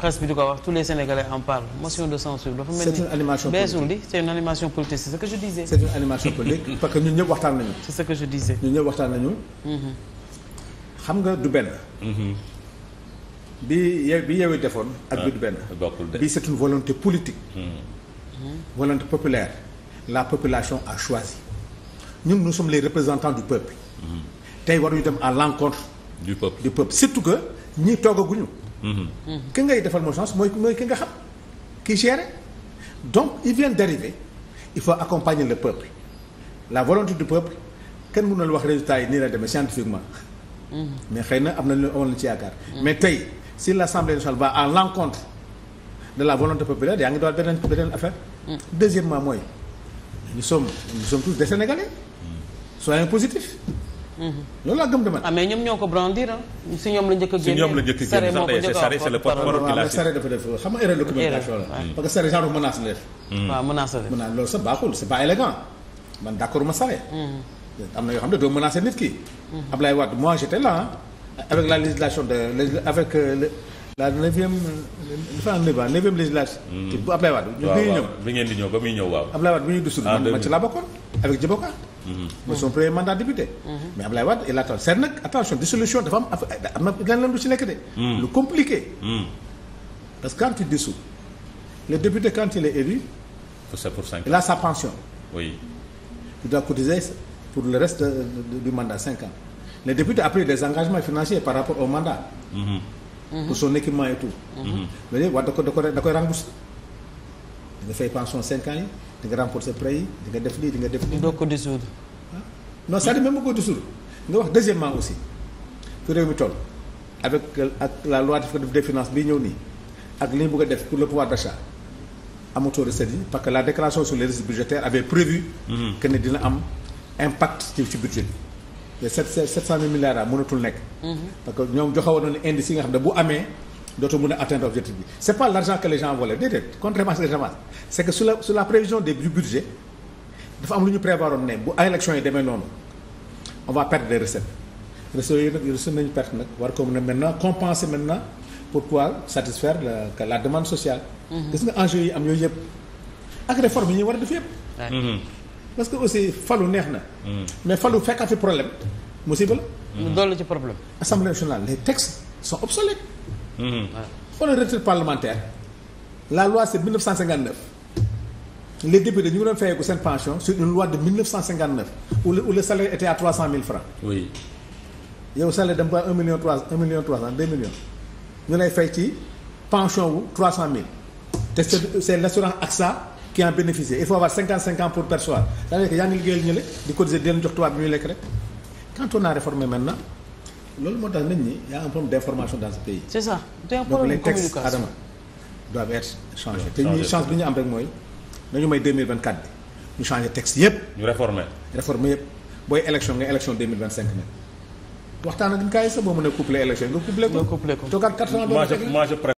presse bi di ko wax tous les sénégalais en parlent motion de censure dafa mel ni c'est mm-hmm. xam nga du benn. Mm-hmm. bi ye bi defoon. ak bi du ah, benn. bi c'est une volonté politique. Mm-hmm. volonté populaire. la population a choisi. ñun nous sommes les représentants du peuple. tey waruñu dem à l'encontre du peuple du peuple surtout que ñii toogaguñu. Mm-hmm. ki ngay defal mooy chance mooy ki nga xam ki géré donc il vient d'arriver il faut accompagner le peuple la volonté du peuple kenn mënul wax résultat yi nii la demee scientifiquement mm-hmm. mais xëy na am na lu amoon ci yaakaar mm-hmm. mais tey si l'Assemblée nationale va à l'encontre de la volonté populaire yaa ngi doon beneen beneen affaire mm. deuxièmement mooy nous sommes nous sommes tous des Sénégalais mm. soyons positifs loolu laa gëm dama. ah mais ñoom ñoo ko brandir ah. si ñoom la njëkk a génne. si ñoom la njëkk a génne sax c'est Sare dafa def xam nga erreur de la. parce que Sare genre menace la def. Hmm. waaw menace la def menace loolu sax baaxul c'est pas élégant man d'accord ma Sare. Hmm. am na yoo xam ne doo menacer nit ki. Hmm. Ablaye Wade moi j'étais là avec la législation de avec euh, le. la neuvième dafa am neuvième neuvième législation. bu Ablaye Wade. waaw waaw bi ngeen di ñëw ba muy ñëw waaw. Ablaye Wade bu ñuy dusul. Ah, man mooy son premier mandat député. Mhm. mais Ablaye Wade il attend seen nag attention dissolution dafa am eh, am na leneen lu ci nekk de. Mhm. lu compliqué. Mhm. parce que quand tu dissous le député quand il est élu. pour ça pour cinq ans sa pension. oui. tu dois cotiser pour le reste de, de, du mandat cinq ans le député a des engagements financiers par rapport au mandat. Mm -hmm. pour son équipement et tout. mais da ko da koy da koy remboursé. dafay pension cinq ans yi. di nga rembourser prêt yi nga def lii di def lii. doo ko dissoudre. Ah. non c'est-à-dire même bu ko nga wax deuxièmement aussi fi réew mi toll avec ak la loi de finances bi ñëw nii ak li ñu bëgg a def pour le pouvoir d'achat amatoo recette yi parce que la déclaration sur les risques budgétaires avait prévu. Mm-hmm. que dina am impact ci ci budget bi. te sept sept cent mille milliards mënatul nekk. Mm-hmm. parce que ñoom joxewoon na ne indice yi nga xam ne bu amee. dootoo mun a atteindre objectif bi c' pas l' argent que les gens volaient dafa am lu ñu prévoir ne bu ay yi demee noonu on va perdre des recettes recettes yi nag recettes perte nag war ko mën a maintenant compenser maintenant pourquoi satisfaire la la demande sociale. Mhm. yi am yooyu yëpp ak réforme yi ñuy war a def yëpp. Mhm. parce que aussi falu neex na. Mhm. mais falu fekk a fi problème musiba la. mu dolli ci problème. assemblée nationale les textes sont obsolètes. wala mm-hmm. retraite parlementaire la loi c'est 1959 les députés ñu ngi doon fayeeku seen pension sur une loi de 1959 où le où yow salaire dem ba 1 million 3 1 million 300 ci pension wu 300 000 te c'est l'assurance AXA qui en bénéficie il faut avoir 55 ans pour percevoir cest à di cotiser di leen tubaab bi ñuy lekk rek quand on a réformé maintenant. loolu moo tax nit ñi y a un problème d'information dans ce pays. c'est ça c'est un problème de te ñuy chance bi ñu am rek mooy nañu may 2024 bi ñu changé texte yëpp. ñu réformer réformer yëpp booy élection nga élection 2025 nag waxtaan ak kaay sax boo mën a couplé élection nga couplé ko. nga couplé ko toogaat 4 ans.